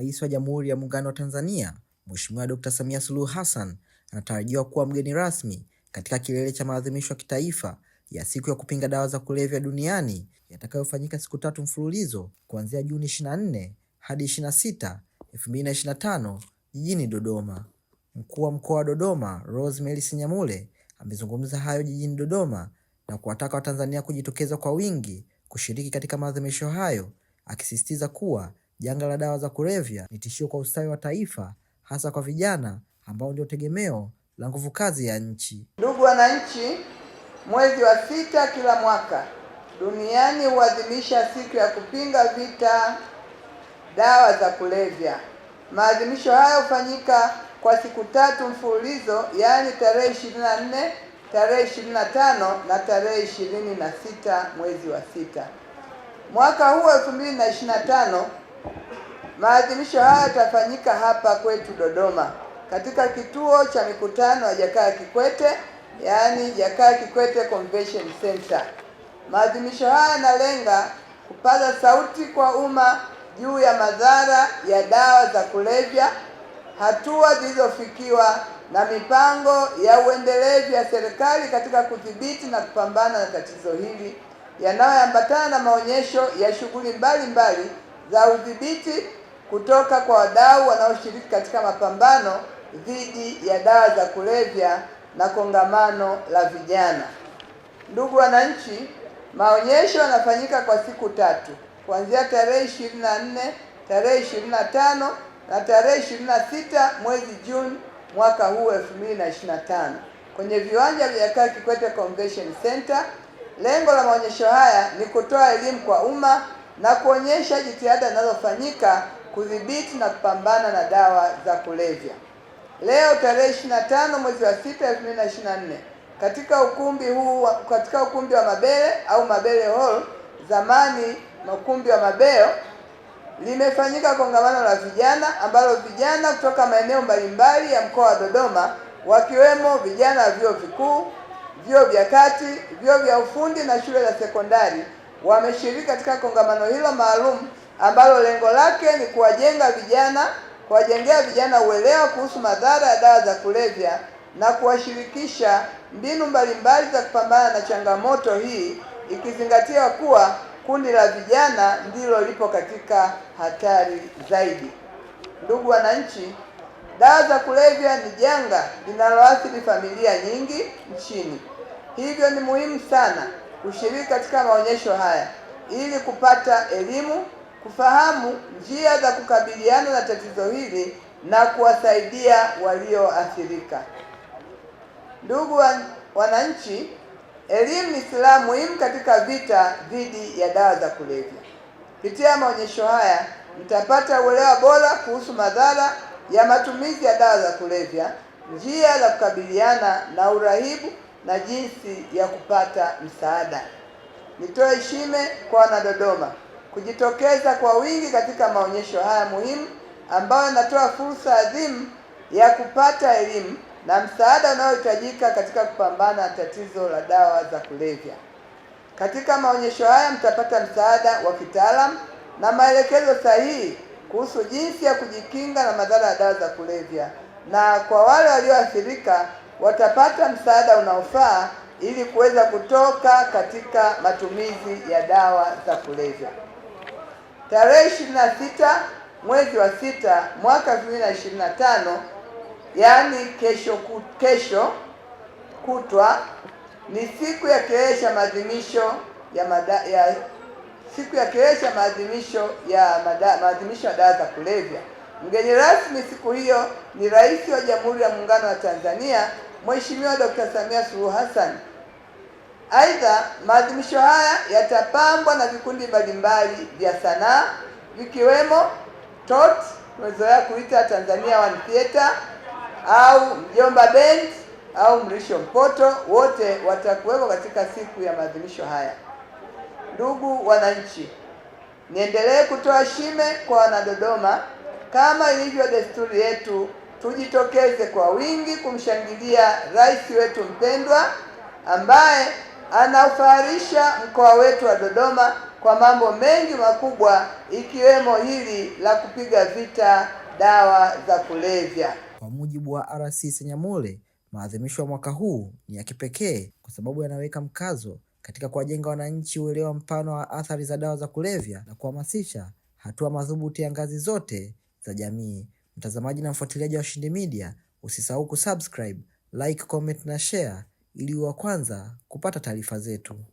Rais wa Jamhuri ya Muungano wa Tanzania Mheshimiwa Dkt. Samia Suluhu Hassan anatarajiwa kuwa mgeni rasmi katika kilele cha maadhimisho ya kitaifa ya siku ya kupinga dawa za kulevya duniani yatakayofanyika siku tatu mfululizo kuanzia Juni 24 hadi 26, 2025 jijini Dodoma. Mkuu wa Mkoa wa Dodoma, Rosemary Senyamule, amezungumza hayo jijini Dodoma na kuwataka Watanzania kujitokeza kwa wingi kushiriki katika maadhimisho hayo, akisisitiza kuwa Janga la dawa za kulevya ni tishio kwa ustawi wa taifa, hasa kwa vijana ambao ndio tegemeo la nguvu kazi ya nchi. Ndugu wananchi, mwezi wa sita kila mwaka duniani huadhimisha siku ya kupinga vita dawa za kulevya. Maadhimisho haya hufanyika kwa siku tatu mfululizo, yaani tarehe 24, tarehe 25 na tarehe 26 mwezi wa sita. Mwaka huu 2025 Maadhimisho haya yatafanyika hapa kwetu Dodoma katika kituo cha mikutano ya Jakaya Kikwete, yaani Jakaya Kikwete Convention Center. Maadhimisho haya yanalenga kupaza sauti kwa umma juu ya madhara ya dawa za kulevya, hatua zilizofikiwa na mipango ya uendelevu ya serikali katika kudhibiti na kupambana na tatizo hili yanayoambatana na maonyesho ya shughuli mbalimbali za udhibiti kutoka kwa wadau wanaoshiriki katika mapambano dhidi ya dawa za kulevya na kongamano la vijana. Ndugu wananchi, maonyesho yanafanyika kwa siku tatu kuanzia tarehe ishirini na nne, tarehe ishirini na tano na tarehe ishirini na sita mwezi Juni mwaka huu elfu mbili na ishirini na tano kwenye viwanja vya Jakaya Kikwete Convention Center. Lengo la maonyesho haya ni kutoa elimu kwa umma na kuonyesha jitihada zinazofanyika kudhibiti na kupambana na dawa za kulevya. Leo tarehe 25 mwezi wa 6 2024, katika ukumbi huu katika ukumbi wa Mabele au Mabele Hall, zamani ukumbi wa Mabeo, limefanyika kongamano la vijana ambalo vijana kutoka maeneo mbalimbali ya mkoa wa Dodoma wakiwemo vijana wa vyuo vikuu, vyuo vya kati, vyuo vya ufundi na shule za sekondari wameshiriki katika kongamano hilo maalum ambalo lengo lake ni kuwajenga vijana, kuwajengea vijana uelewa kuhusu madhara ya dawa za kulevya na kuwashirikisha mbinu mbalimbali za kupambana na changamoto hii, ikizingatia kuwa kundi la vijana ndilo lipo katika hatari zaidi. Ndugu wananchi, dawa za kulevya ni janga linaloathiri familia nyingi nchini, hivyo ni muhimu sana kushiriki katika maonyesho haya ili kupata elimu, kufahamu njia za kukabiliana na tatizo hili na kuwasaidia walioathirika. Ndugu wananchi, elimu ni silaha muhimu katika vita dhidi ya dawa za kulevya. Kupitia maonyesho haya mtapata uelewa bora kuhusu madhara ya matumizi ya dawa za kulevya, njia za kukabiliana na urahibu na jinsi ya kupata msaada. Nitoe heshima kwa Wanadodoma kujitokeza kwa wingi katika maonyesho haya muhimu ambayo yanatoa fursa adhimu ya kupata elimu na msaada unaohitajika katika kupambana na tatizo la dawa za kulevya. Katika maonyesho haya mtapata msaada wa kitaalamu na maelekezo sahihi kuhusu jinsi ya kujikinga na madhara ya dawa za kulevya, na kwa wale walioathirika watapata msaada unaofaa ili kuweza kutoka katika matumizi ya dawa za kulevya. Tarehe sita mwezi wa sita mwaka 2025, yaani kesho, kesho kutwa ni siku ya kilele cha maadhimisho ya mada, ya siku ya kilele cha maadhimisho ya maadhimisho ya dawa za kulevya. Mgeni rasmi siku hiyo ni Rais wa Jamhuri ya Muungano wa Tanzania Mheshimiwa Dkt. Samia Suluhu Hassan. Aidha, maadhimisho haya yatapambwa na vikundi mbalimbali vya sanaa vikiwemo TOT tumezoea kuita Tanzania One Theater au Mjomba Band au Mrisho Mpoto, wote watakuwepo katika siku ya maadhimisho haya. Ndugu wananchi, niendelee kutoa shime kwa Wanadodoma kama ilivyo desturi yetu tujitokeze kwa wingi kumshangilia rais wetu mpendwa ambaye anaufaharisha mkoa wetu wa Dodoma kwa mambo mengi makubwa ikiwemo hili la kupiga vita dawa za kulevya. Kwa mujibu wa RC Senyamule, maadhimisho ya mwaka huu ni ya kipekee kwa sababu yanaweka mkazo katika kuwajenga wananchi uelewa mpana wa athari za dawa za kulevya na kuhamasisha hatua madhubuti ya ngazi zote za jamii. Mtazamaji na mfuatiliaji wa Washindi Media, usisahau kusubscribe, like, comment na share ili wa kwanza kupata taarifa zetu.